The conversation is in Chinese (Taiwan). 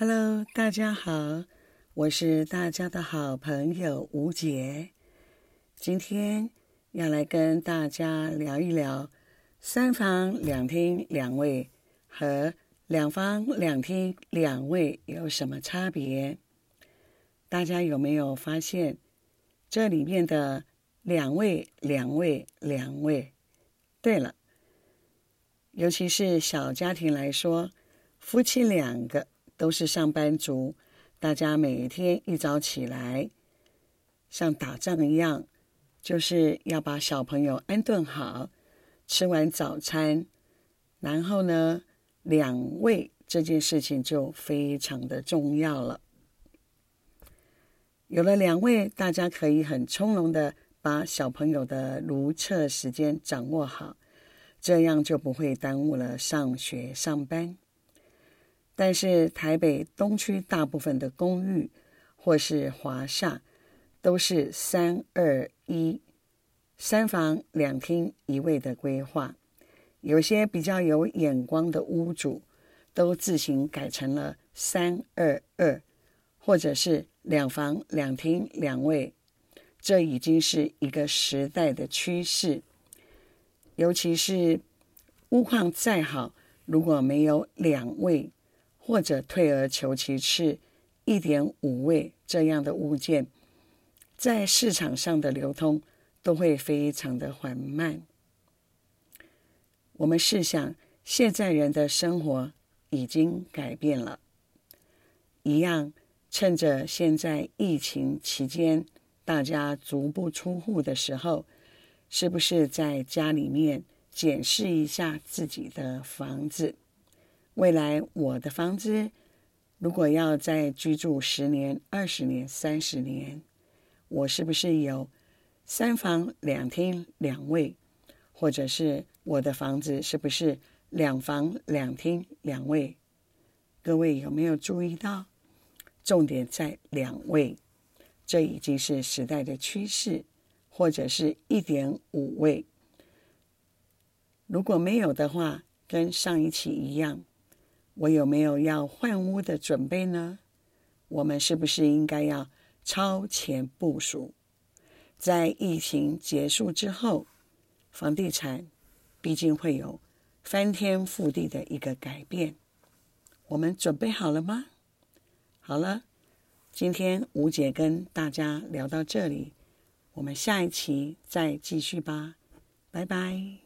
Hello，大家好，我是大家的好朋友吳姐，今天要來跟大家聊一聊三房兩廳兩衛和兩房兩廳兩衛有什麼差別？大家有沒有發現這裡面的兩衛、兩衛、兩衛？對了，尤其是小家庭來說，夫妻兩個。都是上班族，大家每一天一早起來，像打仗一樣，就是要把小朋友安頓好，吃完早餐，然後呢，兩衛這件事情就非常的重要了。有了兩衛，大家可以很從容的把小朋友的如廁時間掌握好，這樣就不會耽誤了上學上班。但是台北東區大部分的公寓或是華廈，都是三二一，三房兩廳一衛的規劃。有些比較有眼光的屋主，都自行改成了三二二，或者是兩房兩廳兩衛。這已經是一個時代的趨勢。尤其是屋況再好，如果沒有兩衛，或者退而求其次，一點五衛這樣的物件，在市場上的流通都會非常的緩慢。我們試想，現在人的生活已經改變了，一樣趁着現在疫情期間，大家足不出戶的時候，是不是在家裡面檢視一下自己的房子？未來我的房子如果要再居住十年、二十年、三十年，我是不是有三房兩廳兩衛？或者是我的房子是不是兩房兩廳兩衛？各位有沒有注意到？重點在兩衛，這已經是時代的趨勢，或者是一點五衛。如果沒有的話，跟上一期一樣。我有沒有要換屋的準備呢？我們是不是應該要超前部署？在疫情結束之後，房地產畢竟會有翻天覆地的一個改變，我們準備好了嗎？好了，今天吳姐跟大家聊到這裡，我們下一期再繼續吧，拜拜。